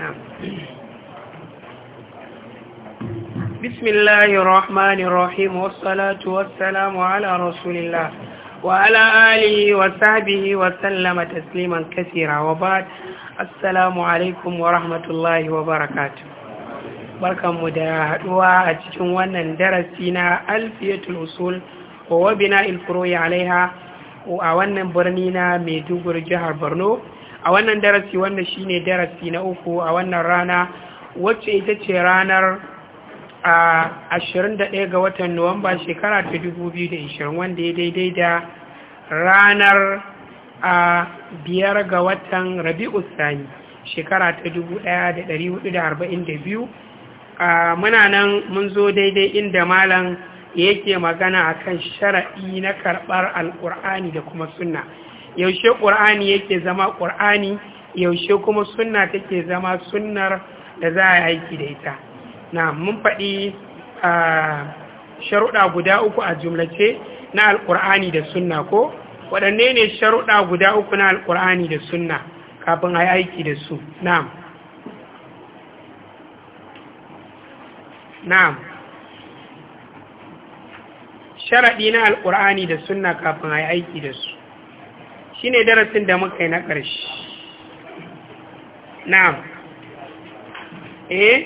نعم بسم الله الرحمن الرحيم والصلاة والسلام على رسول الله وعلى آله وصحبه وسلم تسليما كثيرا وبعد السلام عليكم ورحمة الله وبركاته بركة مدهدوة أتجن وانا درسينا ألفية الأصول ووبناء الفروع عليها وأولا برنينا ميدوغر جهر برنو a wannan darasi wanda shine darasi na uku a wannan rana wacce ita ce ranar a 21 ga watan nuwamba shekara ta 2020 wanda ya daidai da ranar a biyar ga watan rabi'u sani shekara ta 1442 muna nan mun zo daidai inda malam yake magana akan shara'i na karɓar Alkur'ani da kuma sunna yaushe ƙur'ani yake zama ƙur'ani yaushe kuma sunna take zama sunnar da za a yi aiki da ita na mun faɗi sharuɗa guda uku a jumlace na alƙur'ani da sunna ko waɗanne ne sharuɗa guda uku na alƙur'ani da sunna kafin a yi aiki da su na'am na'am sharaɗi na alƙur'ani da sunna kafin a yi aiki da su shine darasin da muka yi na ƙarshe na, eh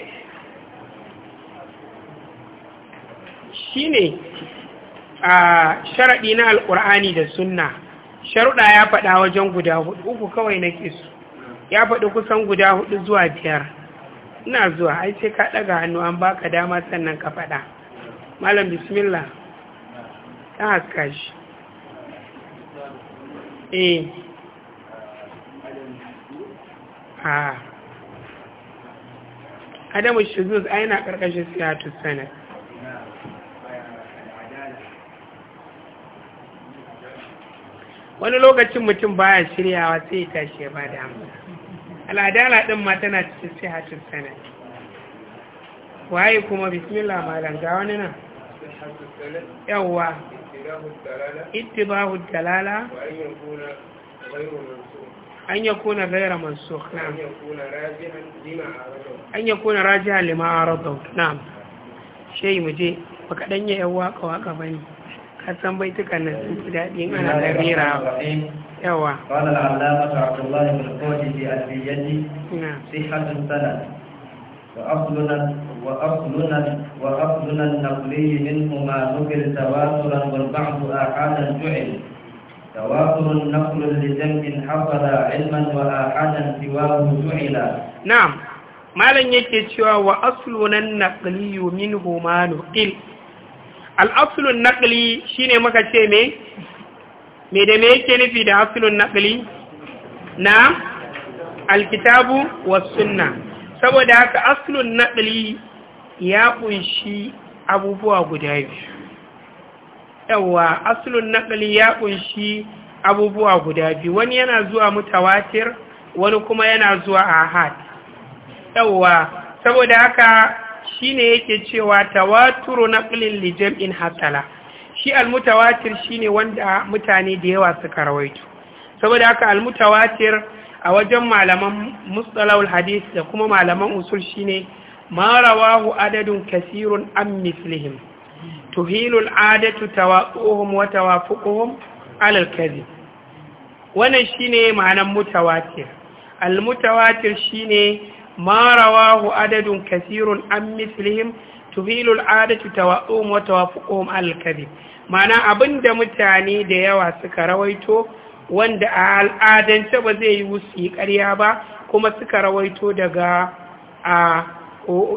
shine a sharaɗi na alƙur'ani da sunna sharuɗa ya faɗa wajen guda hudu uku kawai nake su ya faɗi kusan guda hudu zuwa biyar ina zuwa ai sai ka ɗaga hannu an baka dama sannan ka faɗa malam bismillah ta haska shi eh adamu shuzuz a yana ƙarƙashin siyatus sanar wani lokacin mutum baya shiryawa sai ya tashi ya ba da amsa al'adala ɗin ma tana cikin siyatus sanar waye kuma bismillah malam ga wani nan yawwa اتباع الدلالة وأن يكون غير منسوخ أن يكون غير منسوخ نعم أن يكون راجعا لما عرضه أن يكون راجعا لما نعم شيء مجيء وقد أن يأواك kasan bai tukan أن sun fi daɗi in قال da عبد الله qala القوة في abdullah ibn qudi وأصلنا وأصلنا النقلي منهما نقل تواترا والبعض آحادا جعل تواتر النقل لجمع حصل علما وآحادا سواه جعل نعم malam yake cewa wa aslunan naqli minhu ma nuqil al shine muka ce me me da me yake nufi da asulun naƙali. na al'kitabu wa sunna. saboda haka aslun naɗali ya ƙunshi abubuwa guda biyu yawa aslun naɗali ya ƙunshi abubuwa guda biyu wani yana zuwa mutawatir wani kuma yana zuwa ahad yawa saboda haka shi ne yake cewa tawaturu naqlin lijam'in jam'in shi almutawatir shi ne wanda mutane da yawa suka rawaito saboda haka almutawatir a wajen malaman mustalahul hadith da kuma malaman usul shine ma rawahu adadun kasirun an mislihim tuhilul adatu tawaquhum wa tawafuquhum alal kadhib wannan shine ma'anan mutawatir al mutawatir shine ma rawahu adadun kasirun an mislihim tuhilul adatu tawaquhum wa tawafuquhum alal kadhib ma'ana abinda mutane da yawa suka rawaito wanda a al'adance ba zai yi wusi karya ba kuma suka rawaito daga a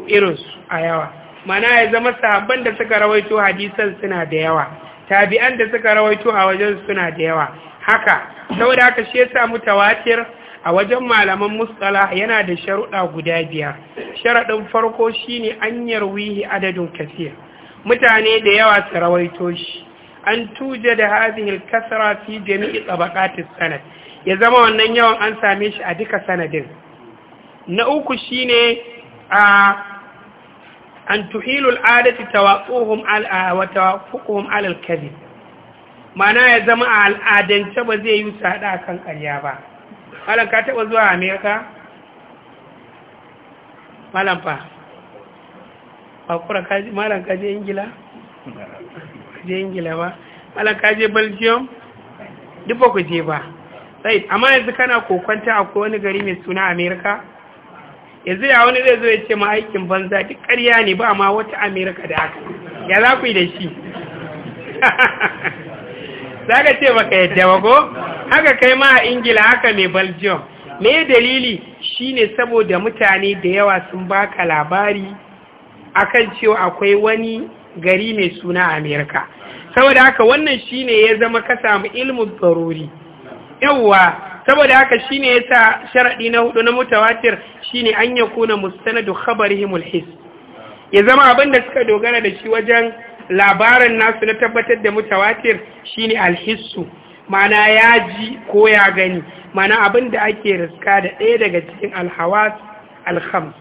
irinsu a yawa mana ya zama sabon da suka rawaito hadisan suna da yawa tabi'an da suka rawaito a wajen suna da yawa haka saboda haka shi samu mutawatir a wajen malaman mustala yana da sharuɗa guda biyar sharaɗin farko shine an yarwihi adadin kasir mutane da yawa su rawaito shi an tuje da hazihil kasara fi jami'i tsabakatis sanad ya zama wannan yawan an same shi a duka sanadin na uku shine a an tuhilul adati tawaquhum al wa tawafuquhum al kadhib mana ya zama a al'adance ba zai yi sada kan ƙarya ba malam ka taba zuwa amerika? malam fa akura kaji malam kaji ingila je ingila ba ala ka je belgium duk ba ku je ba sai amma yanzu kana kokonta ko wani gari mai suna america yanzu ya wani zai zo ya ce ma aikin banza duk ƙarya ne ba ma wata america da haka ya za ku yi da shi za ka ce maka yadda ba ko haka kai ma a ingila haka mai belgium me dalili shine saboda mutane da yawa sun baka labari akan cewa akwai wani gari mai suna amerika saboda haka wannan shine ya zama ka samu ilmin tsaruri yawwa saboda haka shine yasa sharaɗi na hudu na mutawatir shine an kuna mustanadu himul his ya zama abin da suka dogara da shi wajen labarin nasu na tabbatar da mutawatir shine alhissu mana ya ji ko ya gani ma'ana abin da ake riska da ɗaya daga cikin alhawas alhams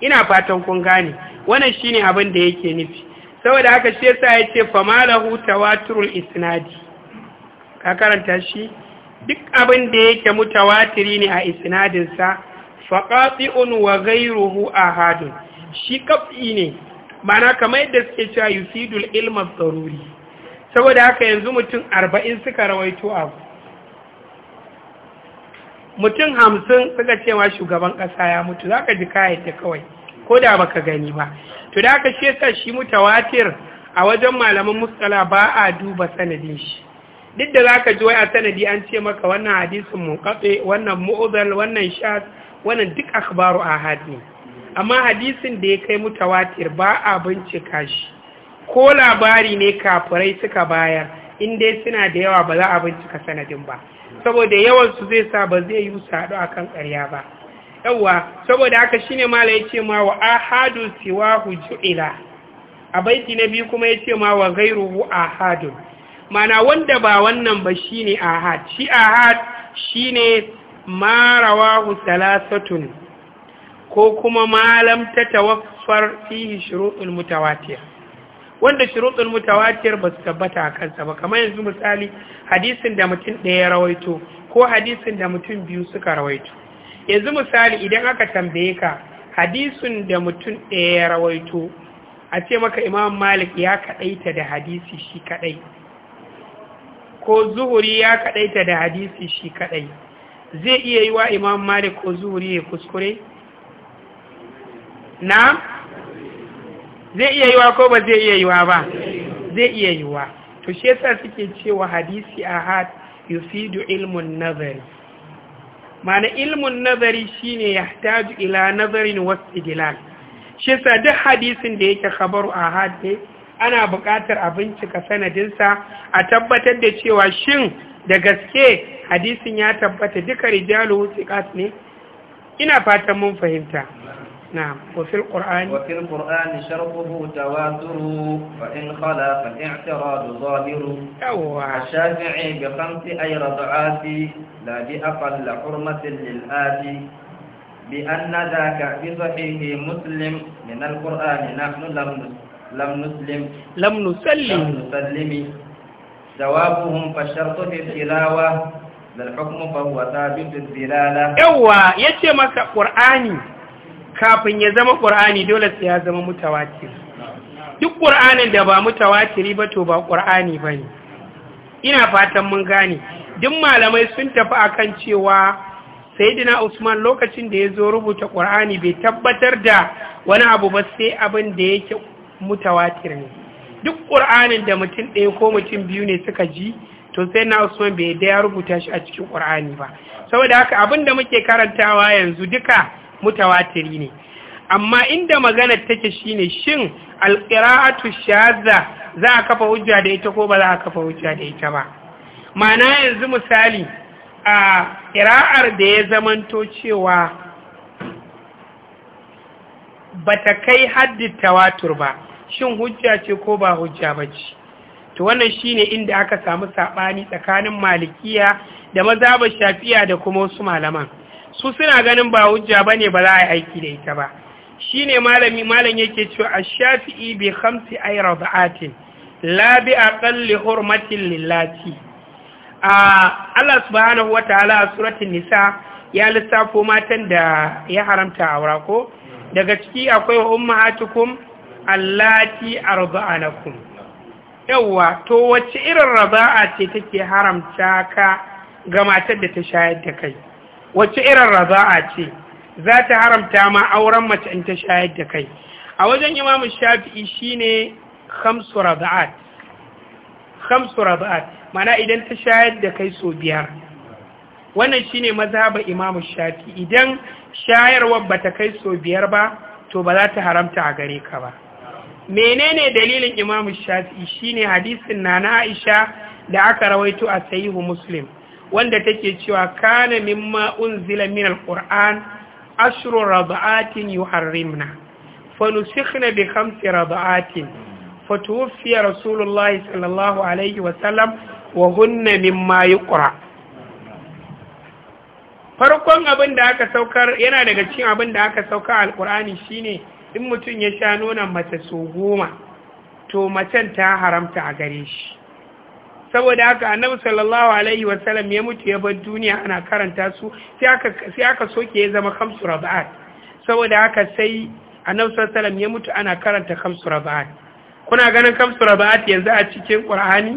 ina fatan kun gane wannan shine abin da yake nufi saboda haka shi yasa ya ce famalahu tawaturul isnadi ka karanta shi duk abin da yake mutawatiri ne a fa qati'un wa ghayruhu ahadun shi kafi ne mana kamar yadda suke cewa yusidul ilma daruri saboda haka yanzu mutum 40 suka rawaito a mutum 50 suka cewa shugaban kasa ya mutu zaka ji ta kawai ko da ba ka gani ba to da aka shi sa shi mutawatir a wajen malaman musala ba a duba sanadin shi duk da zaka ji wai a sanadi an ce maka wannan hadisin munqati wannan mu'dhal wannan shaz wannan duk akhbaru a ne amma hadisin da ya kai mutawatir ba a bincika shi ko labari ne kafurai suka bayar in dai suna da yawa ba za a bincika sanadin ba saboda yawansu zai sa ba zai yi a akan ƙarya ba Yauwa, saboda haka shine mala yace ma wa ahadu siwahu ju'ila a baiti na biyu kuma yace ma wa ghairuhu ahadun mana wanda ba wannan ba shine ahad shi ahad shine ma rawahu thalathatun ko kuma malam ta tawaffar fihi shurutul mutawatir wanda shurutul mutawatir ba su tabbata a kansa ba kamar yanzu misali hadisin da mutum ɗaya rawaito ko hadisin da mutum biyu suka rawaito yanzu misali idan aka tambaye ka hadisun da mutum ɗaya ya rawaito a ce maka imam malik ya kaɗaita da hadisi shi kaɗai ko zuhuri ya kaɗaita da hadisi shi kaɗai zai iya yi wa imam malik ko zuhuri ya kuskure? na? zai iya yi wa ko ba zai iya yi wa ba zai iya yi wa to shi yasa suke cewa hadisi a had yufidu ilmun nazari ma'ana ilmun nazari shine yahtaju ila nazarin idilal shi sa duk hadisin da yake khabaru ahad ne ana buƙatar a bincika sanadinsa a tabbatar da cewa shin da gaske hadisin ya tabbata duka rijalu thiqat ne ina fatan mun fahimta نعم وفي القرآن وفي القرآن شرطه تواتر فإن خلا فالاعتراض ظاهر الشافعي بخمس أي رضعات لا بأقل حرمة للآتي بأن ذاك بصحيح مسلم من القرآن نحن لم لم نسلم لم نسلم لم نسلم جوابهم فالشرط في التلاوة للحكم فهو ثابت الدلالة أوه يتم مكا قرآني kafin ya zama ƙur'ani dole sai ya zama mutawatir duk ƙur'anin da ba mutawatiri ba to ba ƙur'ani ba ne ina fatan mun gane duk malamai sun tafi akan cewa dina usman lokacin da ya zo rubuta ƙur'ani bai tabbatar da wani abu ba sai abin da yake mutawatir ne duk ƙur'anin da mutum ɗaya ko mutum biyu ne suka ji to sai na usman bai da ya rubuta shi a cikin ƙur'ani ba saboda haka abin da muke karantawa yanzu duka mutawatiri ne amma inda maganar take shine shin alqira'atu shadza za a kafa hujja da ita ko ba za a kafa hujja da ita ba ma'ana yanzu misali a qira'ar da ya zamanto cewa bata kai haddi tawatur ba shin hujja ce ko ba hujja bace to wannan shine inda aka samu sabani tsakanin malikiya da mazhabar shafi'a da kuma wasu malaman su suna ganin ba hujja bane ba za a yi aiki da ita ba shine malami malam yake cewa ash-shafi'i bi khamsi ayrabaatin la bi aqalli hurmatin lillati a Allah subhanahu wataala a suratul nisa ya lissafo matan da ya haramta aura ko daga ciki akwai ummahatukum allati arda'anakum yawa to wacce irin raba'a ce take haramta ka ga matar da ta shayar da kai wacce irin raza'a ce za ta haramta ma auren mace in ta shayar da kai a wajen imam shafi'i shine khamsu raza'at khamsu raza'at mana idan ta shayar da kai so biyar wannan shine ba imam shafi'i idan shayarwar bata kai so biyar ba to ba za ta haramta a gare ka ba menene dalilin imam shafi'i shine hadisin nana aisha da aka rawaito a sahihu muslim wanda take cewa kana mimma unzila min alquran ashru rad'atin yuharrimna fa nusikhna bi khamsi rad'atin fa tuwfi rasulullah sallallahu alaihi wa sallam wa hunna mimma yuqra farkon abin da aka saukar yana daga cikin abin da aka sauka alqurani shine in mutum ya sha nonan mace so goma to macen ta haramta a gare shi saboda haka annabi sallallahu alaihi wasallam ya mutu ya bar duniya ana karanta su sai aka soke ya zama kamsu raba'at saboda haka sai annabi sallallahu alaihi sallam, ya mutu ana karanta kamsu raba'at kuna ganin kamsu raba'at yanzu a cikin qur'ani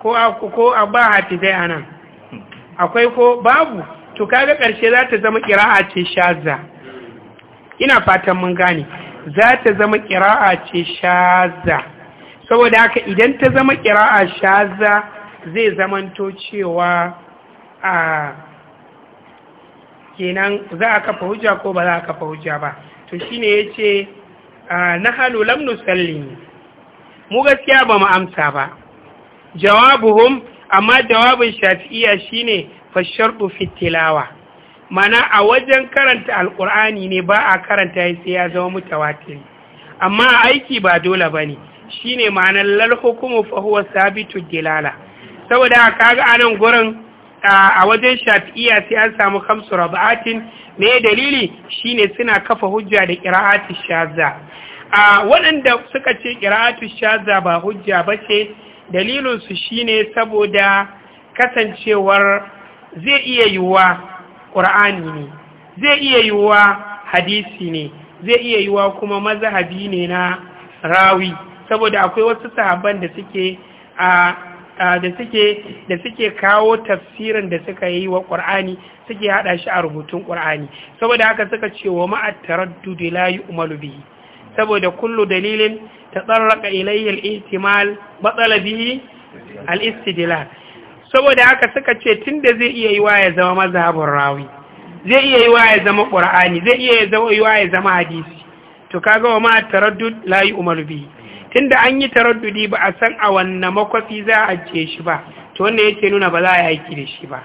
ko a ko a ba dai anan akwai ko babu to kaga karshe za ta zama qira'a ce shazza ina fatan mun gane za ta zama qira'a ce shazza saboda haka idan ta zama ƙira'a shaza zai zamanto cewa a kenan za a kafa hujja ko ba za a kafa hujja ba to shine ya ce na halu lamnu sallin mu gaskiya ba mu amsa ba jawabuhum amma jawabin shafi'iya shine fasharɗu fitilawa mana a wajen karanta alƙur'ani ne ba a karanta sai ya zama mutawatiri amma aiki ba dole ba ne shine ma'anar lal hukumu sabitu dilala saboda kaga anan gurin a wajen shafi'iya sai an samu kamsu rab'atin me dalili shine suna kafa hujja da qira'atu shaza. a waɗanda suka ce ƙira'atu shaza ba hujja bace dalilinsu shi shine saboda kasancewar zai iya yiwuwa ƙur'ani ne zai iya yiwuwa hadisi ne zai iya yiwuwa kuma mazhabi ne na rawi saboda akwai wasu sahabban da suke a da suke da suke kawo tafsirin da suka yi wa Qur'ani suke hada shi a rubutun Qur'ani saboda haka suka ce wa ma'at taraddud la yu'malu bihi saboda kullu dalilin tatarraqa ilayya al-ihtimal batala bihi al-istidlal saboda haka suka ce tunda zai iya yi wa ya zama mazhabin rawi zai iya yi wa ya zama Qur'ani zai iya yi wa ya zama hadisi to kaga wa ma'at taraddud la yu'malu bihi tunda an yi taraddudi ba a san a wannan makwafi za a ajiye shi ba to wanda yake nuna ba za a yi da shi ba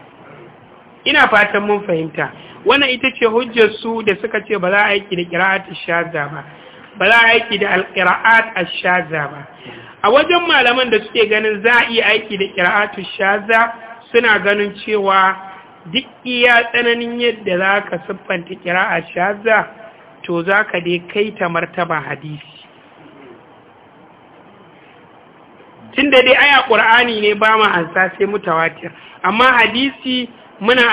ina fatan mun fahimta wannan ita ce hujjar su da suka ce ba za a aiki da qira'at ash-shaza ba ba za a aiki da al-qira'at ash-shaza ba a wajen malaman da suke ganin za a iya aiki da qira'at ash-shaza suna ganin cewa duk iya tsananin yadda za ka siffanta qira'at ash-shaza to za ka dai kai ta martaba hadisi tun da dai aya ƙur'ani ne ba ma ansa sai mutawatir amma hadisi muna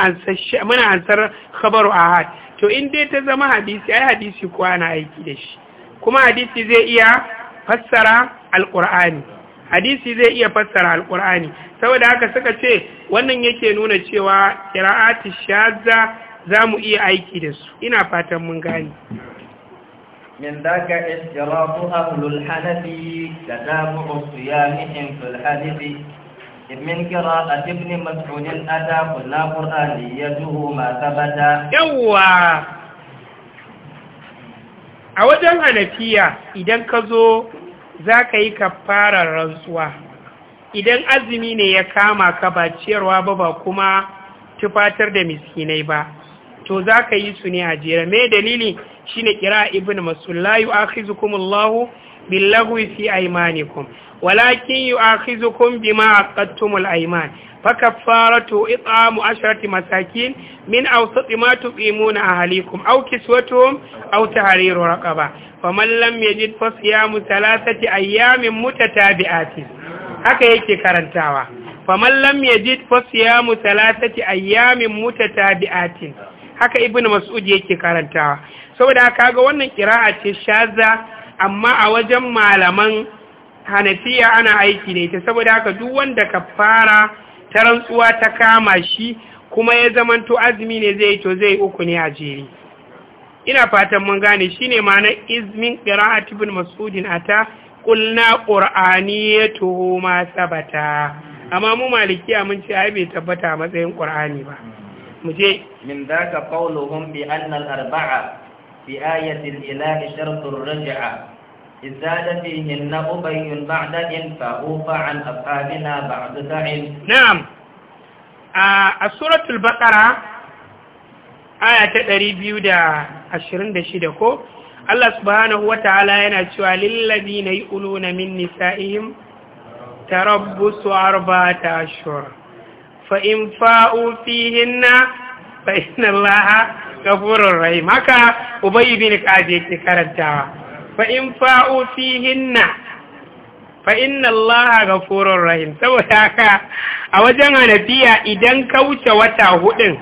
ansar khabaru ahad to in dai ta zama hadisi ai hadisi ko ana aiki da shi kuma hadisi zai iya fassara alƙur'ani hadisi zai iya fassara alƙura'ani saboda haka suka ce wannan yake nuna cewa ƙira'ati shazza za mu iya aiki da su ina fatan mun gani من ذاك اشتراط أهل الحنف تتابع صيامهم في الحدث من قراءة ابن مسعود أتى قلنا قرآنيته ما ثبت يوا a wajen hanafiya idan ka zo za ka yi kafarar rantsuwa idan azumi ne ya kama ka ba ciyarwa ba ba kuma tufatar da miskinai ba to za ka yi su ne a jere me dalili shine kira ibn masul la yu'akhizukum Allah bil laghwi fi aymanikum walakin yu'akhizukum bima aqadtumul ayman fakaffaratu it'amu asharati masakin min awsat ma tu'imuna ahlikum aw kiswatuhum aw tahriru raqaba faman lam yajid fasiyamu thalathati ayamin mutatabi'atin haka yake karantawa faman lam yajid fasiyamu thalathati ayamin mutatabi'atin haka ibnu mas'ud yake karantawa saboda kaga wannan kira'a ce shaza amma a wajen malaman hanafiya ana aiki ne ita saboda haka duk wanda ka fara ta rantsuwa ta kama shi kuma ya zamanto azumi ne zai to zai uku ne a jeri ina fatan mun gane shine ma'anar izmin qira'at ibn mas'udin ata qulna qur'aniyatu ma sabata amma mu malikiya mun ce ai bai tabbata a matsayin qur'ani ba mu je min zaka qawluhum bi anna arbaa في آية الإله شرط الرجعة إذ زاد أبي بعد إن فأوفى عن أصحابنا بعد دع نعم آه سورة البقرة aya ta ɗari biyu da ashirin da shida ko Allah subhanahu wa ta'ala yana cewa lillabi na yi ulu min nisa'ihim gafurur rahim haka ubay ibn kaje yake karantawa fa in fa'u fihinna fa inna allaha gafurur rahim saboda haka a wajen anabiya idan ka wuce wata hudun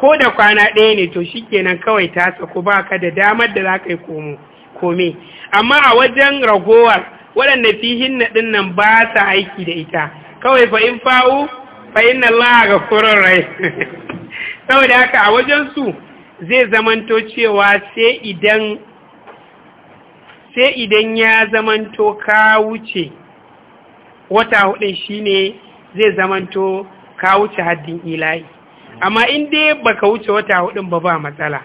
ko da kwana ɗaya ne to shikenan kawai ta saku baka da damar da za ka yi komo kome amma a wajen ragowar waɗanda fihinna na ɗin nan ba ta aiki da ita kawai in fa'u fa inna allaha ga rahim saboda haka a wajensu zai zamanto cewa sai idan ya zamanto ka wuce wata hudun shine zai zamanto ka wuce haddin ilahi amma in dai ka wuce wata hudun ba ba matsala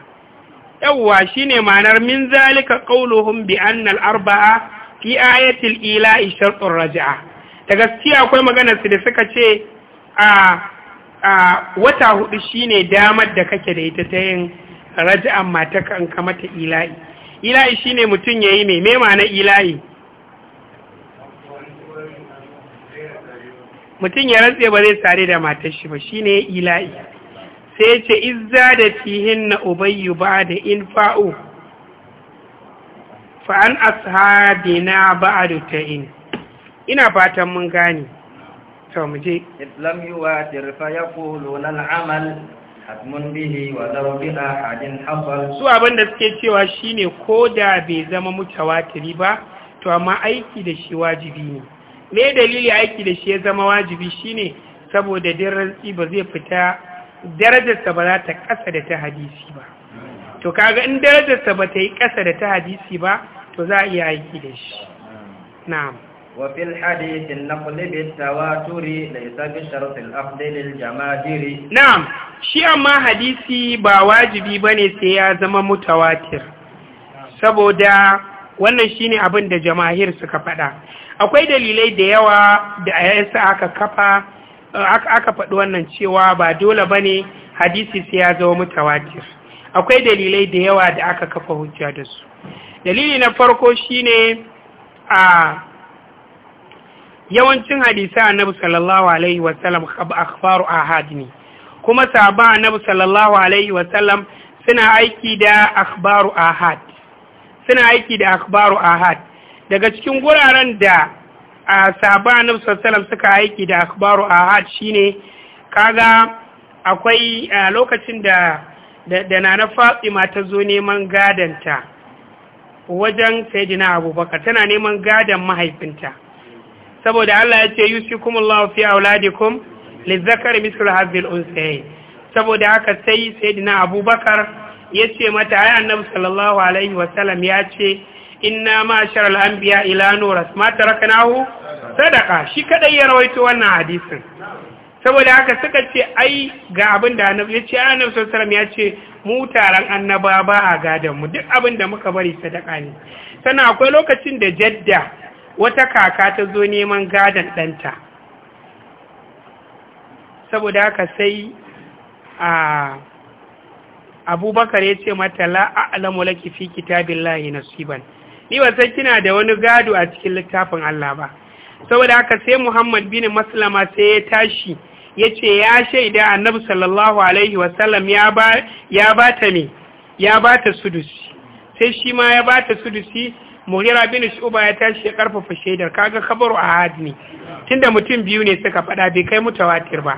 yawwa shine ma'anar min zalika qauluhum bi annal arbaa fi ayatil ila'i shartun raja'a da gaskiya akwai maganar su da suka ce a a wata hudu shine damar da kake da ita ta yin raja'an mata kan ka ta ila'i ila'i shine mutum yayi mai mema na ila'i mutum ya rantse ba zai sare da matar shi ba shine ila'i sai ce izza da fihin na ubayyu ba da in fa'o fa'an ashabina ba'adu ta in ina fatan mun gane to mu je islam tirfa ya yaquluna al-amal hatmun bihi wa law a hajjin hasal su abinda suke cewa shi ne ko da bai zama watiri ba to amma aiki da shi wajibi ne me dalili aiki da shi ya zama wajibi shi ne saboda dirrantsi ba zai fita darajarsa ba za ta kasa da ta hadisi ba to kaga in darajarsa ba ta yi kasa da ta hadisi ba to za a iya aiki da shi na'am وفي الحديث النقل بالتواتر ليس بشرط الأخذ للجماهير نعم شيء ما حديثي بواجبي بني سيازم متواتر saboda wannan shine abin da jama'ir suka faɗa akwai dalilai da yawa da ayyansa aka kafa aka faɗi wannan cewa ba dole bane hadisi sai ya zama mutawatir akwai dalilai da yawa da aka kafa hujja da su dalili na farko shine a yawancin hadisai annabi sallallahu alaihi wasallam akhbaru ahad ne kuma sahaba annabi sallallahu alaihi sallam suna aiki da akhbaru ahad suna aiki da akhbaru ahad daga cikin guraren da sahaba annabi sallallahu alaihi wasallam suka aiki da akhbaru ahad shine kaga akwai lokacin da da na na Fatima ta zo neman gadanta wajen Sayyidina Abubakar tana neman gadan mahaifinta saboda Allah ya ce yusikumullahu fi auladikum lizakari mislu hazil unsayi saboda haka sai sayyidina abubakar ya ce mata ai annabi sallallahu alaihi ya ce inna ma sharal anbiya ila nuras ma taraknahu sadaka shi kadai ya rawaito wannan hadisin saboda haka suka ce ai ga abin da annabi ya ce annabi sallallahu ya ce mu taran annaba ba a gadan mu duk abin da muka bari sadaka ne sannan akwai lokacin da jadda wata kaka ta zo neman gadon ɗanta saboda haka sai a abubakar ya ce mata la'alamu laki fi kitabin lahi nasiban ni ba sai kina da wani gado a cikin littafin Allah ba saboda haka sai Muhammad bin Maslama sai ya tashi ya ce ya shaida annabi sallallahu alaihi wasallam ya ba ta ne ya ta sudusi sai shi ma ya ba ta sudusi mugira bin shuba ya tashi ya karfafa shaidar kaga kabaru a hadi tunda mutum biyu ne suka faɗa bai kai mutawatir ba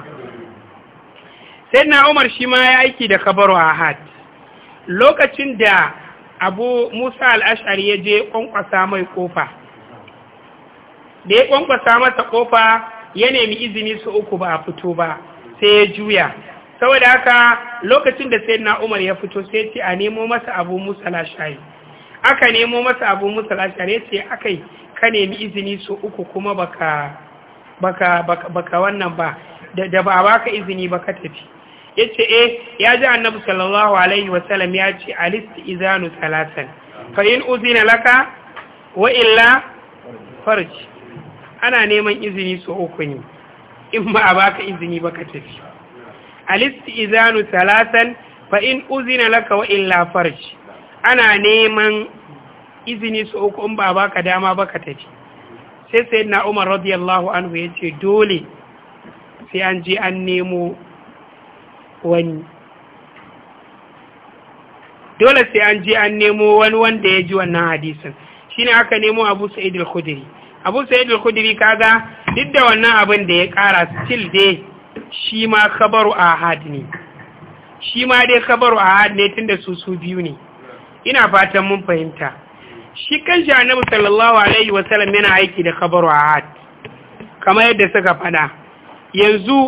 sai na umar shi ma ya aiki da kabaru a had. lokacin da abu musa al'ashari ya je kwankwasa mai kofa da ya kwankwasa masa kofa ya nemi izini su uku ba a fito ba sai ya juya saboda haka lokacin da sai na umar ya fito sai ce a nemo masa abu musa al'ashari aka nemo masa abu musa lashari ce akai ka nemi izini su uku kuma baka wannan ba da ba ba ka izini ba ka tafi ce eh ya ji annabu sallallahu alaihi wasallam ya ce a listi izanu salatan fa in uzina laka wa illa farji ana neman izini su uku ne in ba a ka izini ba ka tafi A listi izanu salatan fa in uzina laka wa illa farji ana neman izini su uku ba ba ka dama ka tafi sai sai na umar radiyallahu anhu ya ce dole sai an je an nemo wani dole sai an je an nemo wani wanda ya ji wannan hadisin ne aka nemo abu sa'id al-khudri abu sa'id al-khudri kaga duk da wannan abin da ya kara still dai shi ma khabaru ahad ne shi ma dai khabaru ahad ne tunda su su biyu ne ina fatan mun fahimta shi kanshi annabi sallallahu alaihi wasallam yana aiki da kabaru ahad kamar yadda suka fada yanzu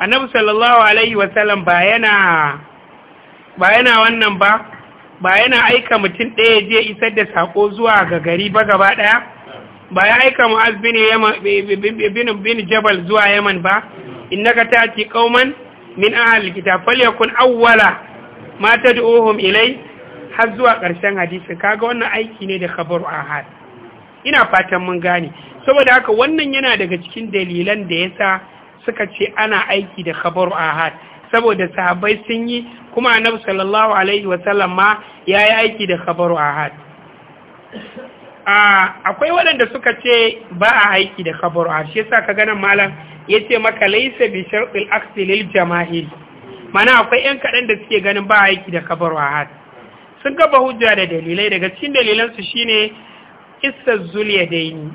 annabi sallallahu alaihi wasallam ba yana ba yana wannan ba ba yana aika mutum ɗaya je isar da sako zuwa ga gari ba gaba ɗaya ba ya aika mu'az bin bin jabal zuwa yaman ba innaka tati qauman min ahli kitab falyakun awwala ma tad'uhum ilai har zuwa ƙarshen hadisin kaga wannan aiki ne da khabaru ahad ina fatan mun gane saboda haka wannan yana daga cikin dalilan da yasa suka ce ana aiki da khabaru ahad saboda sahabbai sun yi kuma annabi sallallahu alaihi wa sallam ma yayi aiki da khabaru ahad a akwai waɗanda suka ce ba a aiki da khabaru ahad shi yasa ka ganin malam yace maka laysa bi shartil aqli lil jama'ir mana akwai yan kaɗan da suke ganin ba aiki da khabaru ahad sun kafa hujja da dalilai daga cikin dalilansu shine kissar zuliya daini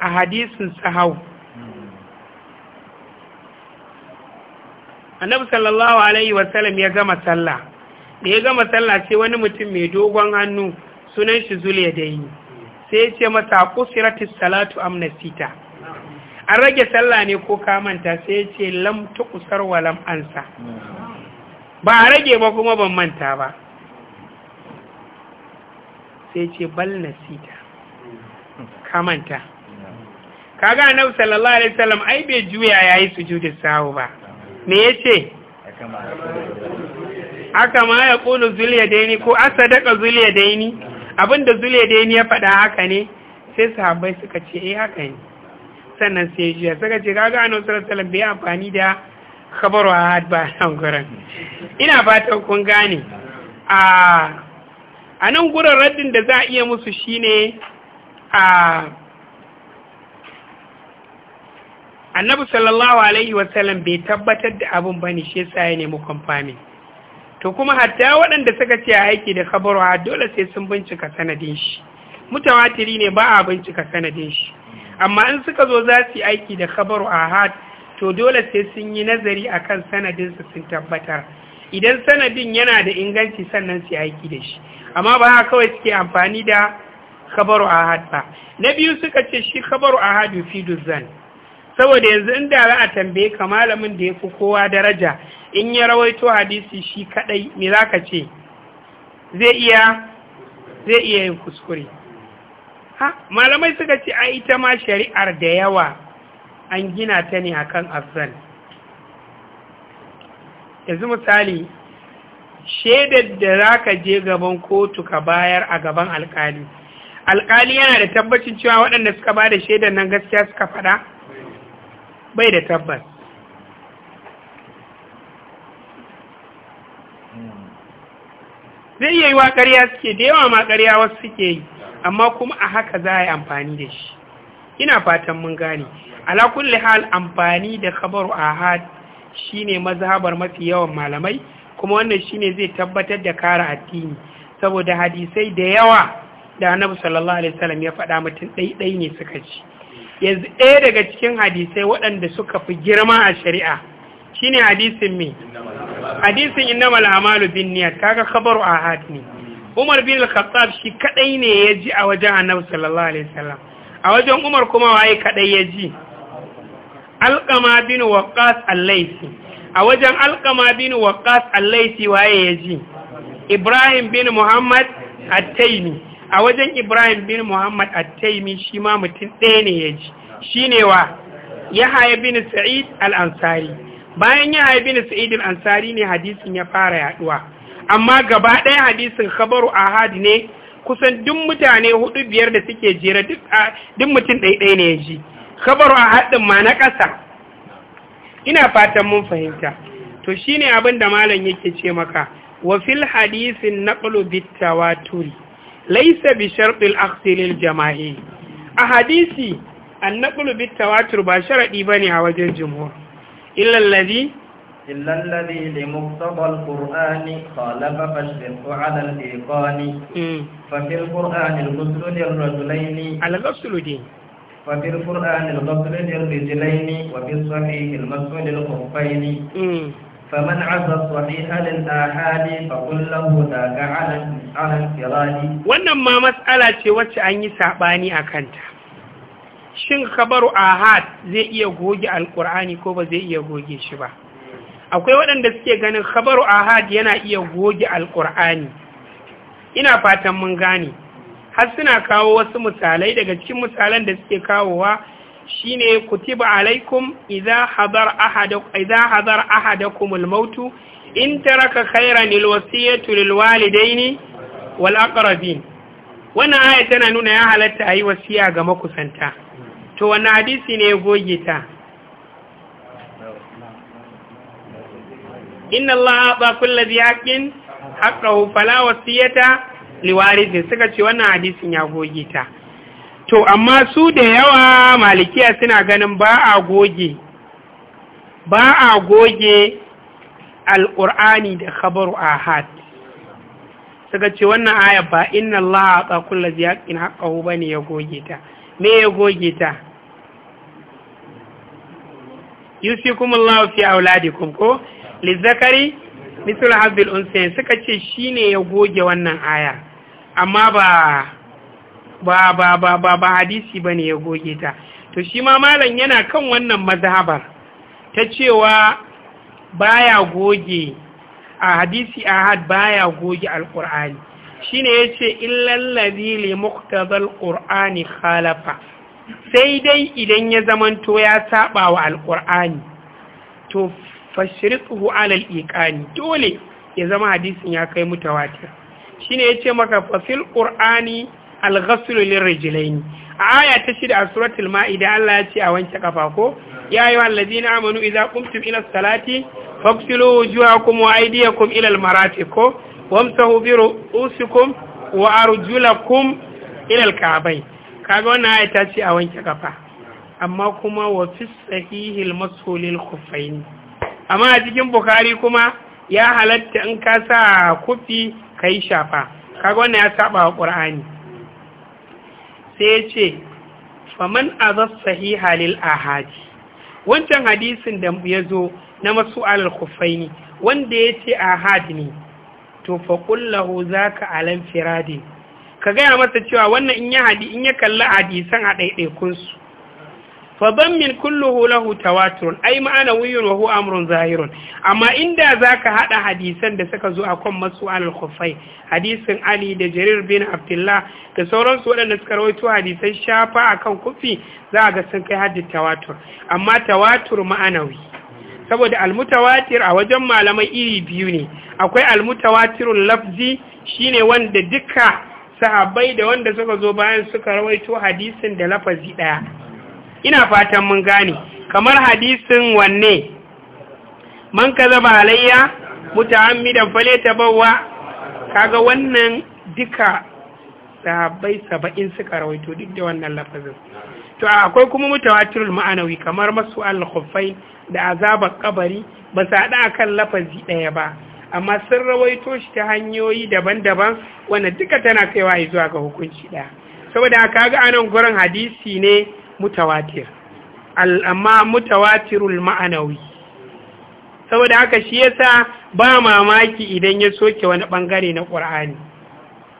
a hadisin sahau annabi sallallahu alaihi wasallam ya gama sallah da ya gama sallah sai wani mutum mai dogon hannu sunan shi zuliya daini sai ya ce masa kusiratis salatu amnasita an rage sallah ne ko manta sai ya ce lam tuqsar wa lam ansa ba a rage ba kuma ban manta ba sai ce bal nasita kamanta kaga annabi sallallahu alaihi wasallam ai bai juya yayi sujudi sahu ba me yace haka ma ya kulu zuliyadaini ko asadaka zuliyadaini abinda zuliyadaini ya fada haka ne sai sahabbai suka ce eh haka ne sannan sai juya suka ce kaga annabi sallallahu alaihi wasallam bai amfani da khabaru ahad ba nan gurin ina fatan kun gane a ah, a nan gurin raddin da za a iya musu shine a annabi sallallahu alaihi wasallam bai tabbatar da abin bane shi yasa ya nemi confirming to kuma hatta waɗanda suka ce aiki da kabaru a dole sai sun bincika sanadin shi mutawatiri ne ba a bincika sanadin shi amma in suka zo za su yi aiki da kabaru a had to dole sai sun yi nazari a kan sanadinsu sun tabbatar idan sanadin yana da inganci sannan su yi aiki da shi amma ba haka kawai suke amfani da khabaru ahad ba na biyu suka ce shi khabaru ahad yufidu zan saboda yanzu inda za a tambaye ka malamin da yafi kowa daraja in ya rawaito hadisi shi kadai me za ka ce zai iya zai iya yin kuskure ha malamai suka ce a ita ma shari'ar da yawa an gina ta ne akan afzan yanzu misali shaidar da za ka je gaban kotu ka bayar a gaban alkali alkali yana da tabbacin cewa waɗanda suka ba da shaidar nan gaskiya suka faɗa bai da tabbas zai yi wa ƙarya suke da yawa ma ƙarya wasu suke yi amma kuma a haka za a yi amfani da shi ina fatan mun gane ala Lihal, amfani da had ahad shine mazhabar mafi yawan malamai kuma wannan shine zai tabbatar da kare addini saboda hadisai da yawa da annabi sallallahu alaihi wasallam ya faɗa mutum ɗaiɗai ne suka ci yanzu ɗaya daga cikin hadisai waɗanda suka fi girma a shari'a shine hadisin me hadisin innamal a'malu binniyat kaga khabaru ahad ne Umar bin al-Khattab shi kaɗai ne ya ji a wajen Annabi sallallahu alaihi wasallam a wajen Umar kuma waye kaɗai ya ji Alqama bin Waqas al-Laythi a wajen alkama bin waqas allaisi waye ya ji ibrahim bin muhammad attaimi a wajen ibrahim bin muhammad attaimi shi ma mutum ɗaya ne ya ji shi ne wa yahaya bin sa'id al'ansari bayan yahaya bin sa'id al'ansari ne hadisin ya fara yaɗuwa amma gaba ɗaya hadisin khabaru ahad ne kusan duk mutane hudu biyar da suke jera duk mutum ɗaiɗai ne ya ji khabaru ahad ɗin ma na ƙasa ina fatan mun fahimta to shine abin da malam yake ce maka wa fil hadisin naqlu bit tawatur laysa bi shart al lil jama'i a hadisi an naqlu bit tawatur ba sharadi bane a wajen jumhur illa alladhi illa alladhi li muqtada al qur'ani khalafa fashrihu ala al iqani hmm. fa fil qur'ani al ghuslu lil rajulaini al ghuslu din ففي القرآن الغسل للرجلين وفي الصحيح المسح للخفين فمن عزى الصحيح للآحاد فقل له ذاك على الفراد wannan ma matsala ce wacce an yi saɓani a kanta shin kabaru ahad zai iya goge alkur'ani ko ba zai iya goge shi ba akwai waɗanda suke ganin khabaru ahad yana iya goge alkur'ani ina fatan mun gane har suna kawo wasu misalai daga cikin misalan da suke kawowa shine kutiba alaikum idza hadar ahadakum idza hadar ahadakum al in taraka khayran al-wasiyatu lil wannan aya tana nuna ya halatta ayi wasiya ga makusanta to wannan hadisi ne ya goge ta inna allaha ba kulli haqqin haqqahu fala wasiyata liwaridin suka ce wannan hadisin ya goge ta to amma su da yawa malikiya suna ganin ba a goge ba a goge alƙur'ani da khabaru ahad suka ce wannan aya ba inna Allah a kulla ziyaƙin haƙahu ba ne ya goge ta me ya goge ta yusi kuma Allah fi auladikum ko lizzakari mitul hazil unsayin suka ce shine ya goge wannan aya amma ba ba ba ba ba ba hadisi ne ya goge ta to shi ma malam yana kan wannan mazhabar ta cewa baya goge a hadisi ahad baya goge alqur'ani shine yace illal ladhi li muqtadal qur'ani khalafa sai dai idan ya zamanto ya saba wa alqur'ani to fashriquhu ala al-iqani dole ya zama hadisin ya kai mutawatir shine yace maka fasil qur'ani al-ghasl lirrijlaini aya ta shida a suratul ma'ida Allah ya ce a wanke kafa ko ya ayyuhal ladina amanu idza qumtum ila salati fagsilu wujuhakum wa aydiyakum ila al-marafiq wamsahu bi ru'usikum wa arjulakum ila al-ka'bayn kaga wannan aya ta ce a wanke kafa amma kuma wa fi sahihi al lil amma a cikin bukhari kuma ya halatta in ka sa kufi kai shafa kaga wannan ya saba wa qur'ani sai ya ce faman azab sahiha lil ahadi wancan hadisin da ya zo na masu alal khuffaini wanda ya ce ahad ne to fa kullahu zaka alam firadin ka gaya masa cewa wannan in ya hadi in ya kalli hadisan a ɗaiɗaikunsu min kulluhu lahu tawaturun ai ma'ana wiyun wa huwa amrun zahirun amma inda zaka hada hadisan da suka zo akan mas'al al-khuffai hadisin Ali da Jarir bin Abdullah da sauransu waɗanda suka rawaito hadisan shafa akan kufi za ga sun kai haddi tawatur amma tawatur ma'anawi saboda almutawatir a wajen malamai iri biyu ne akwai almutawatirul lafzi shine wanda duka sahabbai da wanda suka zo bayan suka rawaito hadisin da lafazi daya ina fatan mun gane kamar hadisin wanne man kazaba alayya muta'ammidan falyatabawwa kaga wannan duka sahabbai saba'in suka rawaito duk da wannan lafazin to akwai kuma mutawatirul ma'anawi kamar masu al-khuffai da azabar kabari ba su da akan lafazi ɗaya ba amma sun rawaito shi ta hanyoyi daban-daban wanda duka tana kaiwa zuwa ga hukunci ɗaya saboda kaga anan gurin hadisi ne mutawatir amma mutawatirul ma'anawi saboda haka shi yasa ba mamaki idan ya soke wani bangare na ƙur'ani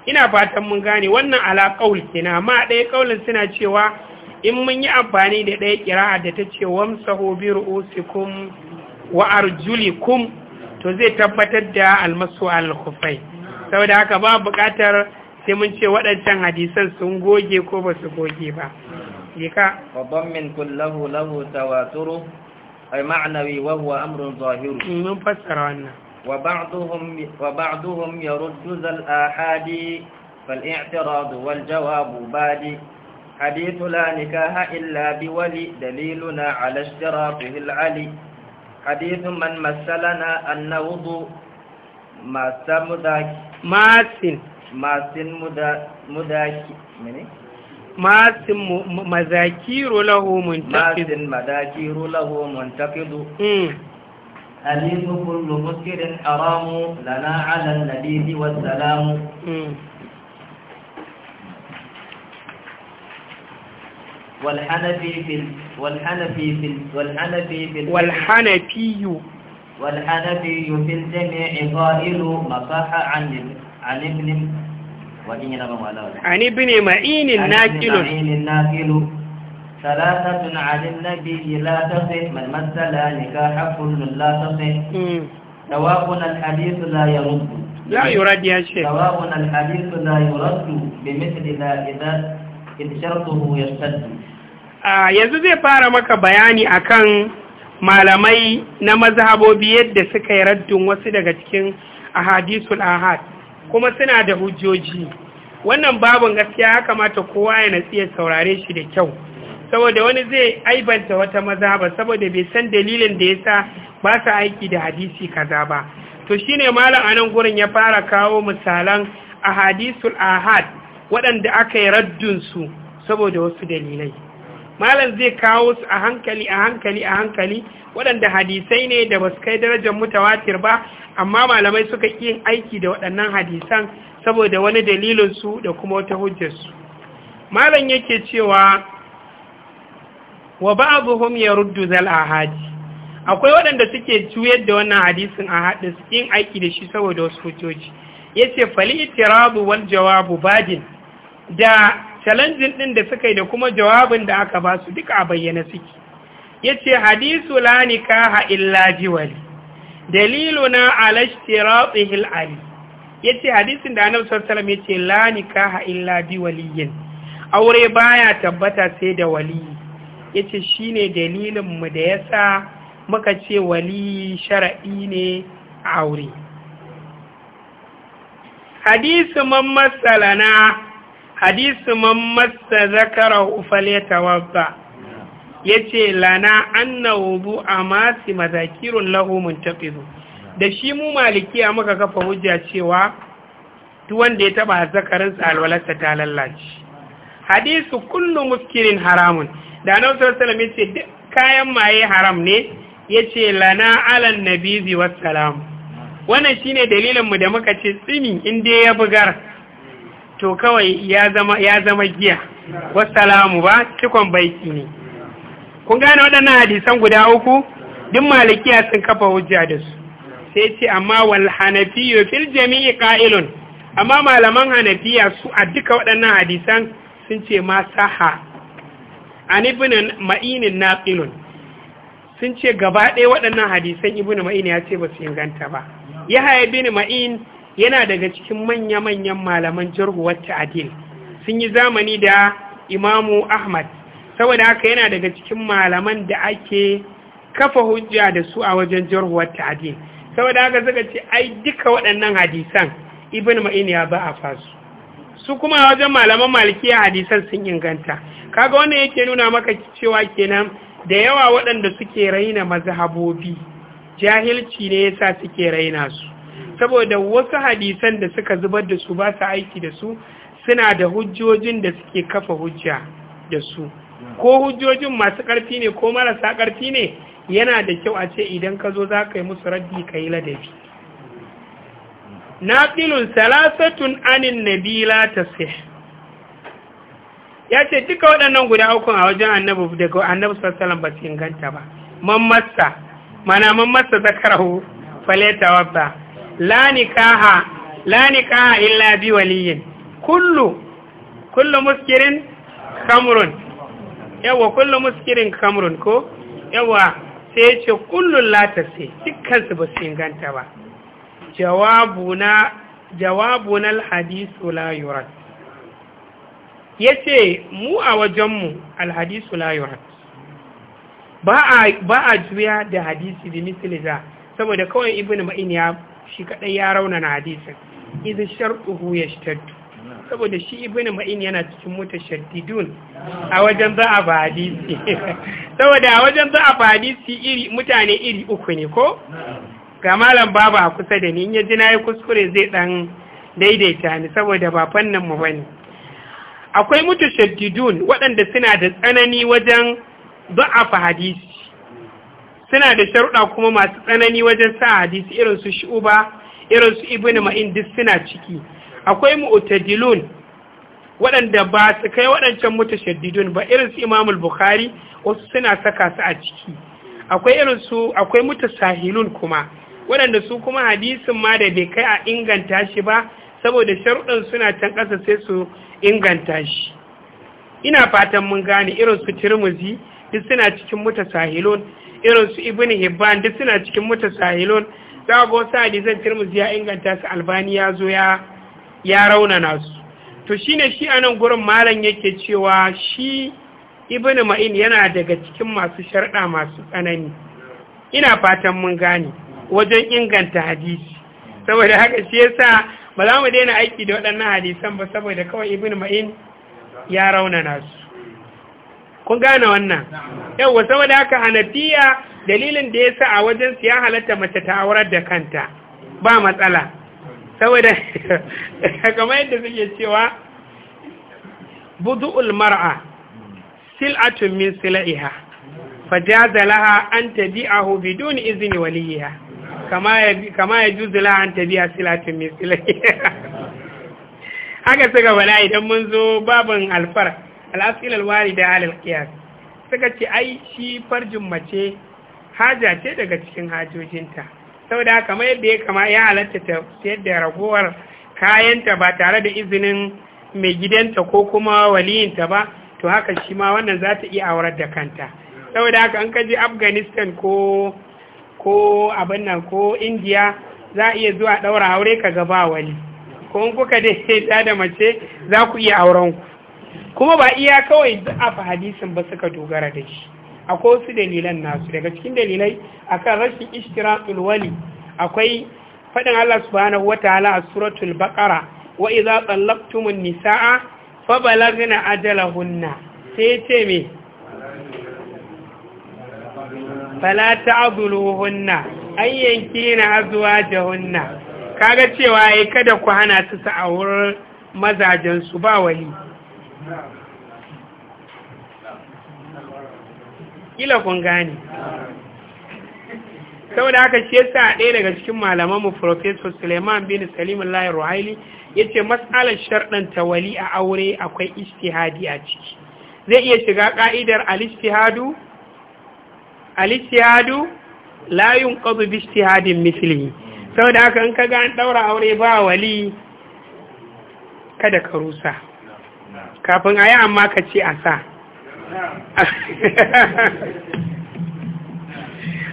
ina fatan mun gane wannan ala qaul kina ma ɗaya qaulin suna cewa in mun yi amfani da ɗaya ƙira'a da ta ce wamsahu bi ru'usikum wa arjulikum to zai tabbatar da almasu al-khufai saboda haka ba bukatar sai mun ce waɗancan hadisan sun goge ko ba su goge ba لك وضمن كله له تواتره أي معنوي وهو أمر ظاهر مفسر وبعضهم, وبعضهم يرد ذا الآحاد فالاعتراض والجواب بادي حديث لا نكاح إلا بولي دليلنا على اشتراطه العلي حديث من مثلنا أن وضوء ما سمداك ما سن ما سن مداك مداك masin مذاكير له منتقد masin مذاكير له منتقد أليم كل مسكر حرام لنا على النبي والسلام والحنفي في والحنفي في والحنفي في والحنفي والحنفي في الجميع قائل مصح عن عن ابن wajen yana ba malawa ne. Hmm. A ne ma'inin naƙilun. Ma'inin naƙilun. na biyi mai matsala ne ga haƙunan latafe. Tawakun alhadisu na ya rubu. Ya yi radi ya ce. Tawakun alhadisu na ya rubu, bi misali ya sadu. Yanzu zai fara maka bayani a kan malamai na mazhabobi yadda suka yi raddun wasu daga cikin ahadisul ahad. kuma suna da hujjoji wannan babin gaskiya ya kamata kowa ya natsi ya saurare shi da kyau saboda wani zai aibanta wata maza ba saboda bai san dalilin da ya sa ba sa aiki da hadisi kaza ba to shi ne malam anan gurin ya fara kawo misalan ahadisul ahad waɗanda aka yi raddin su saboda wasu dalilai malam zai kawo su a hankali a hankali a hankali waɗanda hadisai ne da basu kai darajar mutawatir ba amma malamai suka ƙi yin aiki da waɗannan hadisan saboda wani dalilinsu da kuma wata hujjarsu malam yake cewa wa ba'dhum yaruddu zal ahadi akwai waɗanda suke juyar da wannan hadisin a su yin aiki da shi saboda wasu hujjoji yace fali itirabu wal jawabu badin da challenging din da suka yi da kuma jawabin da aka ba su duka a bayyana suke yace hadisu la nikaha illa jiwali daliluna ala ishtiratihi al-ali yace hadisin da Annabi sallallahu alaihi wasallam yace la nikaha illa biwaliyin aure baya tabbata sai da wali yace shine dalilin mu da yasa muka ce wali shar'i ne aure hadisi man masalana hadisu man massa wabba, ya ce, lana anna wubu a masu mazakirun lahumun tafizu da shi mu malikiya muka kafa hujja cewa tu wanda ya taba zakarin sa alwalarsa ta lallace hadisu kullu muskirin haramun da na wasu wasu wasallam ce kayan maye haram ne ya ce, lana alan nabizi wassalam wannan shine dalilin mu da muka ce tsimi inda ya bugar to kawai ya zama ya zama giya wassalamu ba cikon baiki ne kun gane waɗannan hadisan guda uku duk malikiya sun kafa hujja da su sai ce amma wal hanafiyyu fil jami'i qa'ilun amma malaman hanafiya su a duka waɗannan hadisan sun ce ma saha an ibn ma'inin naqilun sun ce gaba ɗaya waɗannan hadisan ibn ma'in ya ce ba su inganta ba yahya ibn ma'in yana daga cikin manya-manyan malaman jarhu wata sun yi zamani da imamu ahmad saboda haka yana daga cikin malaman da ake kafa hujja da su a wajen jarhu wata saboda haka suka ce ai duka waɗannan hadisan ibn ma'in ya ba a fasu su kuma wajen malaman malikiya hadisan sun inganta kaga wannan yake nuna maka cewa kenan da yawa waɗanda suke raina mazhabobi jahilci ne yasa suke raina su saboda wasu hadisan da suka zubar da su ba su aiki da su suna da hujjojin da suke kafa hujja da su ko hujjojin masu ƙarfi ne ko marasa ƙarfi ne yana da kyau a ce idan ka zo za ka yi musu raddi ka yi ladabi naqilun salasatun anin nabila sai ya ce duka waɗannan guda uku a wajen Annabu daga Annabu sallallahu ba su inganta ba man mana man zakarahu faleta la nikaha la nikaha illa bi waliyin kullu kullu muskirin kamrun yawa kullu muskirin kamrun ko yawa sai ce kullu la tasi dukkan su ba su inganta ba jawabuna jawabuna alhadisu la yurad yace mu a wajen wajenmu alhadisu la yurad ba a ba juya da hadisi bi misli za saboda kawai ibnu ma'in ya shi kaɗai ya raunana hadisin idan sharɗuhu ya shtaddu saboda shi ibini ma'in yana cikin shaddidun a wajen za a ba hadisi saboda a wajen za a ba hadisi iri mutane iri uku ne ko ga malam babu a kusa da ni in ya ji na yi kuskure zai dan daidaita ni saboda ba fannin mu bane akwai mutu shaddidun waɗanda suna da tsanani wajen za a fa hadisi suna da sharuɗa kuma masu tsanani wajen sa hadisi irin su shu'uba irin su ibini ma'in duk suna ciki akwai mu'tadilun waɗanda ba su kai waɗancan shaddidun ba irin su imamul bukhari wasu suna saka su a ciki akwai irin su akwai mutasahilun kuma waɗanda su kuma hadisin ma da bai kai a inganta shi ba saboda sharuɗin suna can ƙasa sai su inganta shi ina fatan mun gane irin su tirmizi duk suna cikin sahilun irin su ibn hibban duk suna cikin mutasahilun za ga a dizan tirmidhi ya inganta su albani ya zo ya raunana su to shine shi anan gurin malam yake cewa shi ibn ma'in yana daga cikin masu sharɗa masu tsanani ina fatan mun gane wajen inganta hadisi saboda haka shi yasa ba za mu daina aiki da waɗannan hadisan ba saboda kawai ibn ma'in ya raunana su kun gane wannan yawwa saboda haka hanafiya dalilin da ya sa a wajen su ya halatta mace ta aurar da kanta ba matsala saboda kamar yadda suke cewa budu'ul mar'a sil'atun min sila'iha fajaza laha an tabi'ahu bidun izini waliyiha kama ya kama ya juzu laha an tabi'a sil'atun min sila'iha haka suka bala idan mun zo babin alfar al'asilar wari da alal kiyas suka ce ai shi farjin mace haja ce daga cikin hajojinta da kamar yadda ya kama ya halatta ta sayar da ragowar kayanta ba tare da izinin mai gidanta ko kuma waliyinta ba to haka shi ma wannan za ta iya aurar da kanta da haka an kaji afghanistan ko ko abin nan ko indiya za a iya zuwa daura aure ka gaba wali ko in kuka daidaita da mace za ku iya aurenku kuma ba iya kawai da'afa hadisin ba suka dogara da shi akwai wasu dalilan nasu daga cikin dalilai a kan rashin ishtiratul wali akwai fadin Allah subhanahu wataala a suratul baqara wa idza tallaqtumun nisaa fa ajala ajalahunna sai ce me fala ta'dhuluhunna ayyankina azwajahunna kaga cewa ai kada ku hana su sa mazajensu ba wali kila kun Sau da aka ce sa ɗaya daga cikin malaman mu Professor Suleiman bin Salimun Allah Ruhaili ce matsalar sharɗan tawali a aure akwai istihadi a ciki zai iya shiga ƙa'idar alistihadu, layun ƙazu ijtihadu la yunqadu bi ijtihadin mithlihi in kaga an daura aure ba wali kada ka rusa kafin a yi amma ka ce a sa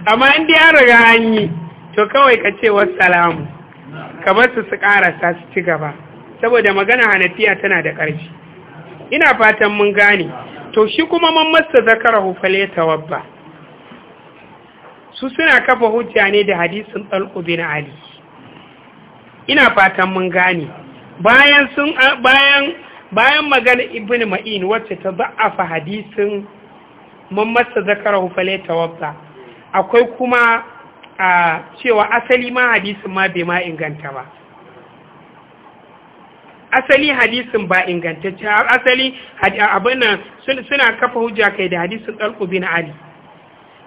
amma inda ya riga an yi to kawai ka ce wasu ka bar su su karasa su ci gaba saboda magana hanafiya tana da ƙarfi ina fatan mun gane to shi kuma man masa zakara hufale tawabba su suna kafa hujja ne da hadisin ɗalƙu bin ali ina fatan mun gane bayan sun bayan bayan magana ibn ma'in wacce ta za'afa hadisin mammasta masa hufale ta wabta akwai kuma a cewa asali ma hadisin ma bai ma inganta ba asali hadisin ba ingantacce asali abinan suna kafa hujja kai da hadisin ɗarƙu bin ali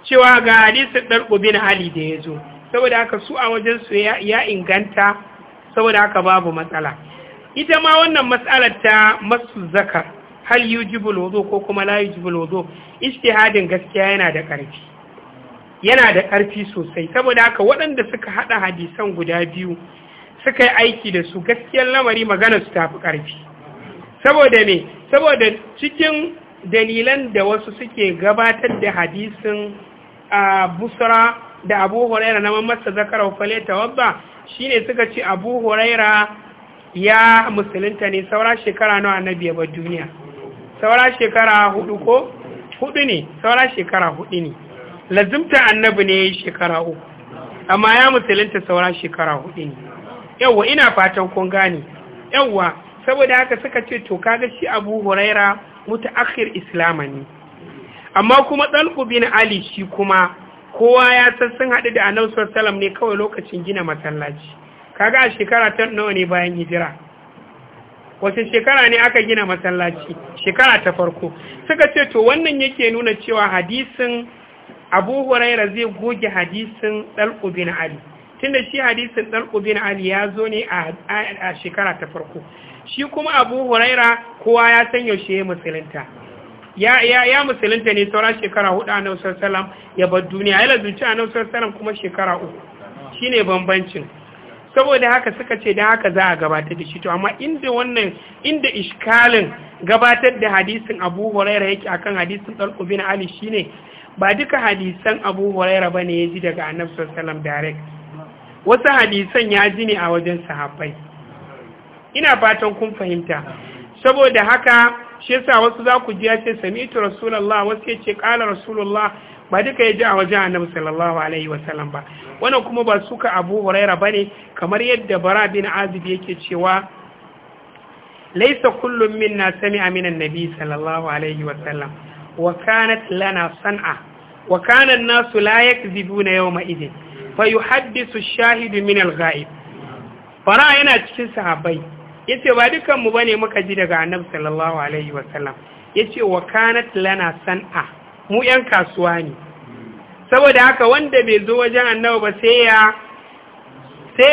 cewa ga hadisin ɗarƙu bin ali da ya zo saboda haka su a wajen su ya inganta saboda haka babu matsala ita ma wannan matsalar ta masu zakar hal yujibul wazo ko kuma la yujibul wudu hadin gaskiya yana da ƙarfi yana da ƙarfi sosai saboda haka waɗanda suka haɗa hadisan guda biyu suka yi aiki da su gaskiyar lamari magana su tafi ƙarfi saboda me saboda cikin dalilan da wasu suke gabatar da hadisin a busra da abu huraira na mamasta zakarar wa faleta wabba shine suka ce abu huraira ya musulunta ne saura shekara nawa annabi biya ba duniya saura shekara hudu ko hudu ne saura shekara hudu ne lazimta annabi ne shekara uku amma ya musulunta saura shekara hudu ne yawwa ina fatan kun gane yawwa saboda haka suka ce to kaga shi abu huraira mutaakhir islama ne amma kuma talqu bin ali shi kuma kowa ya san sun hadu da annabi sallallahu alaihi wasallam ne kawai lokacin gina masallaci kaga a shekara ta nawa ne bayan hijira wace shekara ne aka gina masallaci shekara ta farko suka ce to wannan yake nuna cewa hadisin abu huraira zai goge hadisin ɗalƙu bin ali tunda shi hadisin ɗalƙu ali ya zo ne a shekara ta farko shi kuma abu huraira kowa ya san yaushe ya musulunta ya ya ya musulunta ne sauran shekara hudu a nausar salam ya bar duniya ya lazunci a nausar salam kuma shekara uku shine bambancin saboda haka suka ce don haka za a gabatar da shi to amma inda wannan inda iskalin gabatar da hadisin abu huraira yake akan hadisin ɗalƙu bin ali shine ba duka hadisan abu huraira ba ne ya ji daga annabi sallam direct wasu hadisan ya ji ne a wajen sahabbai ina fatan kun fahimta saboda haka shi yasa wasu za ku ji ya ce sami'tu rasulullah wasu ya ce qala rasulullah ba duka ya ji a wajen annabi sallallahu alaihi wasallam ba wannan kuma ba suka abu huraira bane kamar yadda bara bin azib yake cewa laisa kullum minna sami minan nabi sallallahu alaihi wa sallam wa kanat lana san'a wa kana an-nasu la na yau idin fayuhaddisu ash-shahidu min al bara yana cikin sahabbai yace ba dukanmu mu ne muka ji daga annabi sallallahu alaihi wa sallam yace wa kanat lana san'a mu yan kasuwa ne saboda haka wanda bai zo wajen annabi ba sai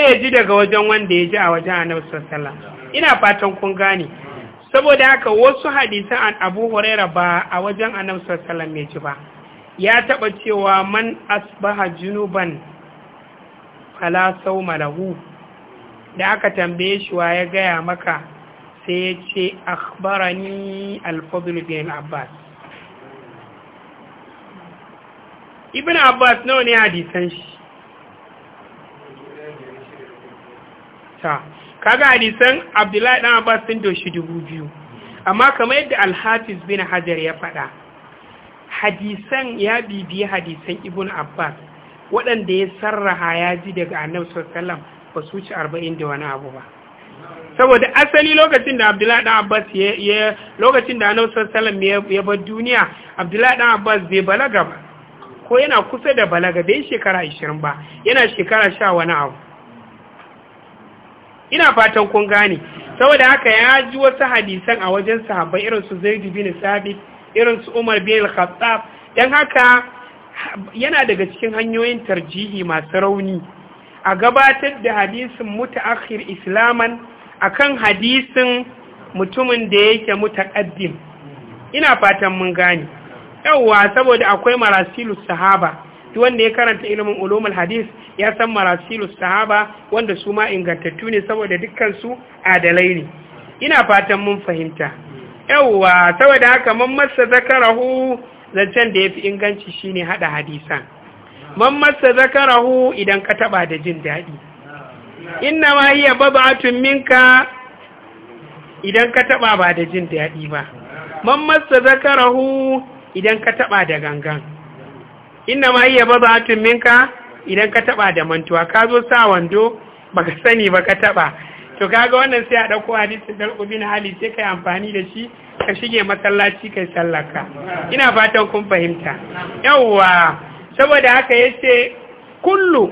ya ji daga wajen wanda ya ji a wajen annabi sallallahu ina fatan kun gane saboda haka wasu hadisan an Abu ba a wajen annabi sallallahu mai ji ba ya taba cewa man asbaha junuban fala sauma lahu da aka tambaye shi wa ya gaya maka sai ya ce akhbarani al-fadl bin Abbas ibn abbas nawa ne hadisan shi ta kaga hadisan abdullahi dan abbas sun doshi dubu biyu amma kamar yadda alhafiz bin hajar ya faɗa hadisan ya bibi hadisan ibn abbas waɗanda ya sarraha ya ji daga annabi sallallahu ba su ci arba'in da wani abu ba saboda asali lokacin da abdullahi dan abbas ya lokacin da annabi sallallahu ya bar duniya abdullahi dan abbas bai balaga ba ko yana kusa da balaga bai shekara 20 ba yana shekara sha wani abu ina fatan kun gane saboda haka ya ji wasu hadisan a wajen sahabbai irin su Zaidu bin Sabit irin su Umar bin Al-Khattab dan haka yana daga cikin hanyoyin tarjihi masu rauni a gabatar da hadisin mutaakhir islaman akan hadisin mutumin da yake mutaqaddim ina fatan mun gane yawwa saboda akwai marasilu sahaba duk wanda ya karanta ilimin ulumul hadis ya san marasilu sahaba wanda su ma ingantattu ne saboda dukkan su adalai ne ina fatan mun fahimta yawwa saboda haka man masa zakarahu zancen da yafi inganci shine hada hadisan man masa zakarahu idan ka taba da jin dadi inna ma hiya bab'atun minka idan ka taba ba da jin daɗi ba man masa zakarahu idan ka taɓa da gangan inna ma iya ba batun minka idan ka taɓa da mantuwa ka zo sa wando baka sani ba ka taɓa to kaga wannan sai a ɗauko hadisin dalku bin hali sai kai amfani da shi ka shige masallaci kai sallaka ina fatan kun fahimta yawwa saboda haka yace kullu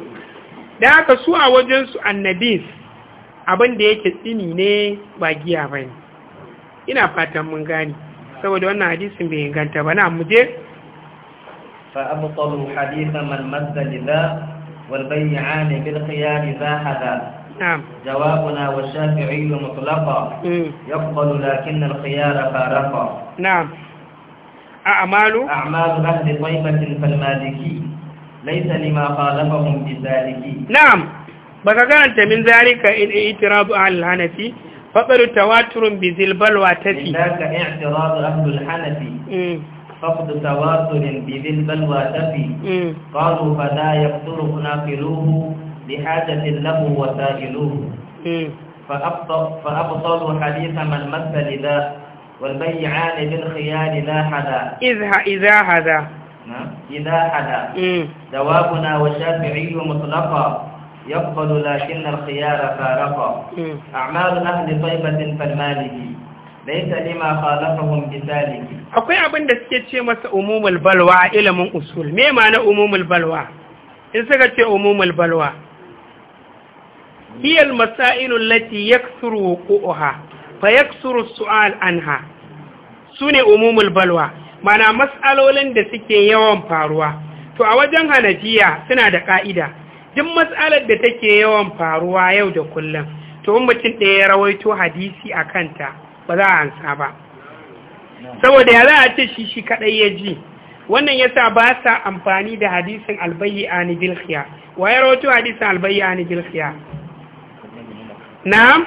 da haka su a wajen su annabis abin da yake tsini ne ba giya bane ina fatan mun gani saboda wannan hadisin bai inganta ba na muje fa abtalu hadithan man madda lidha wal bay'an bil khiyar za hada نعم جوابنا والشافعي مطلقا يقبل لكن الخيار فارقا نعم أعمال أعمال أهل طيبة فالمالكي ليس لما خالفهم بذلك نعم بكغانت من ذلك إن اعتراض أهل الهنفي فقر تواتر بذي البلوى إن ذاك اعتراض أهل الحنفي فقد تواتر بذي البلوى تفي قالوا فلا يقدر ناقلوه لحاجة له وسائلوه فأبطلوا حديث من مثل ذا والبيعان بالخيال لا حدا إذا نعم، إذا هذا إذا حدا جوابنا والشافعي مطلقا يقبل لكن الخيار فارقا أعمال أهل طيبة فالمالك ليس لما خالفهم بذلك akwai abin da suke ce masa umumul balwa a ilimin usul me ma'ana umumul balwa in suka ce umumul balwa hiyal masailu allati yaksuru wuquha fa yaksuru su'al anha sune umumul balwa mana matsalolin da suke yawan faruwa to a wajen hanafiya suna da ƙa'ida. duk matsalar da take yawan faruwa yau da kullum to in mutum ɗaya ya rawaito hadisi a kanta ba za a ansa ba saboda ya za a ce shi shi kaɗai ya ji wannan ya sa ba sa amfani da hadisin albayi a nibil wa ya rawaito hadisin albayi a nibil na'am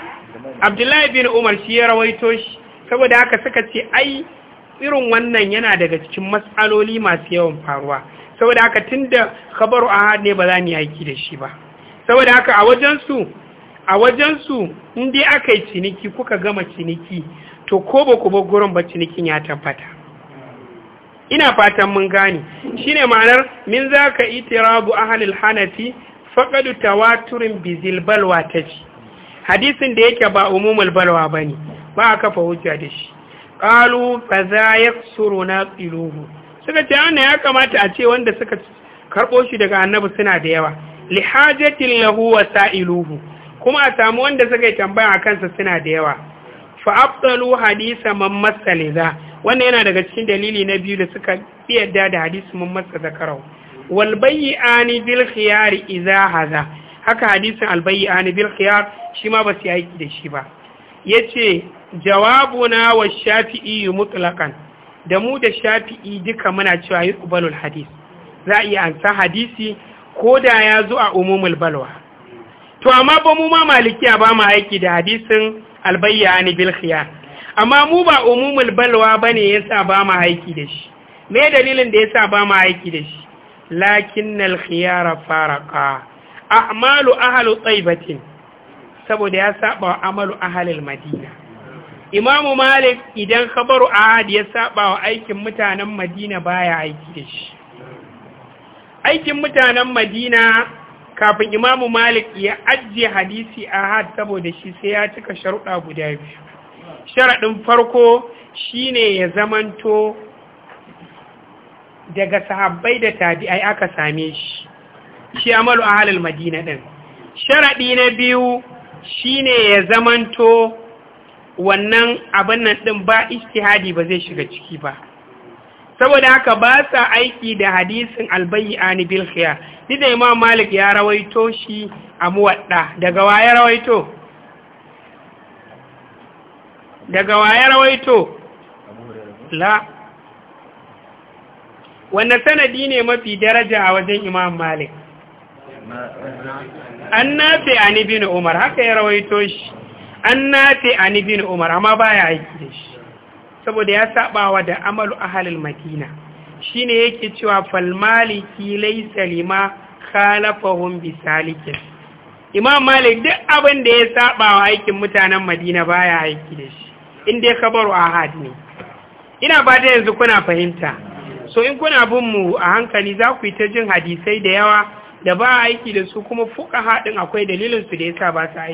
abdullahi bin umar shi ya rawaito shi saboda haka suka ce ai irin wannan yana daga cikin matsaloli masu yawan faruwa saboda haka tunda khabaru ahad ne ba za mu yaki aiki da shi ba saboda haka a wajen a wajensu in dai akai ciniki kuka gama ciniki to ko ba ku bar gurin ba cinikin ya tabbata ina fatan mun gane shine ma'anar min zaka itirabu ahlil hanafi faqad tawaturin bizil balwa taji hadisin da yake ba umumul balwa bane ba a kafa hujja da shi qalu fa za yaksuru naqiluhu suka ce ana ya kamata a ce wanda suka karbo shi daga annabi suna da yawa lihajatin lahu wa sa'iluhu kuma a samu wanda suka yi tambaya a kansa suna da yawa fa afdalu hadisa man masaliza wannan yana daga cikin dalili na biyu da suka yadda da hadisi man masa zakarau wal bayyani bil khiyar idza hadha haka hadisin al bayyani bil khiyar shi ma ba su yi aiki da shi ba yace jawabuna wa shafi'i mutlaqan da mu da shafi'i duka muna cewa yi ƙubalul hadis za a iya ansa hadisi ko da ya zo a umumul balwa to amma ba mu ma malikiya ba mu aiki da hadisin albayyani bil bilkhiya amma mu ba umumul balwa ba ne ya sa ba mu aiki da shi me dalilin da ya sa ba mu aiki da shi lakin alkhiyara faraka a'malu tsai tsaibatin saboda ya saba amalu ahlil madina imamu malik idan khabaru ahad ya saba wa aikin mutanen madina baya aiki da shi aikin mutanen madina kafin imamu malik ya ajiye hadisi ahad saboda shi sai ya cika sharuɗa guda biyu sharaɗin farko shine ya zamanto daga sahabbai da tabi'ai aka same shi shi amalu halin madina ɗin sharaɗi na biyu shine ya zamanto wannan abin nan ɗin ba ijtihadi ba zai shiga ciki ba saboda haka ba sa aiki da hadisin albayyani bil khiyar ni da imam malik ya rawaito shi a muwadda daga waye rawaito daga wa ya rawaito la wanda sanadi ne mafi daraja a wajen imam malik an nafi ani bin umar haka ya rawaito shi an nafe a nibin umar amma ba ya aiki da shi saboda ya wa da amalu ahalil madina shine ne yake cewa falmaliki salima, lima khalafahum bi salikin imam malik duk abin da ya wa aikin mutanen madina ba ya aiki da shi inda ya kabaru ahad ne ina ba da yanzu kuna fahimta so in kuna bin mu a hankali za ku yi ta jin hadisai da yawa da ba aiki da su kuma fuka haɗin akwai dalilinsu da ya sa ba su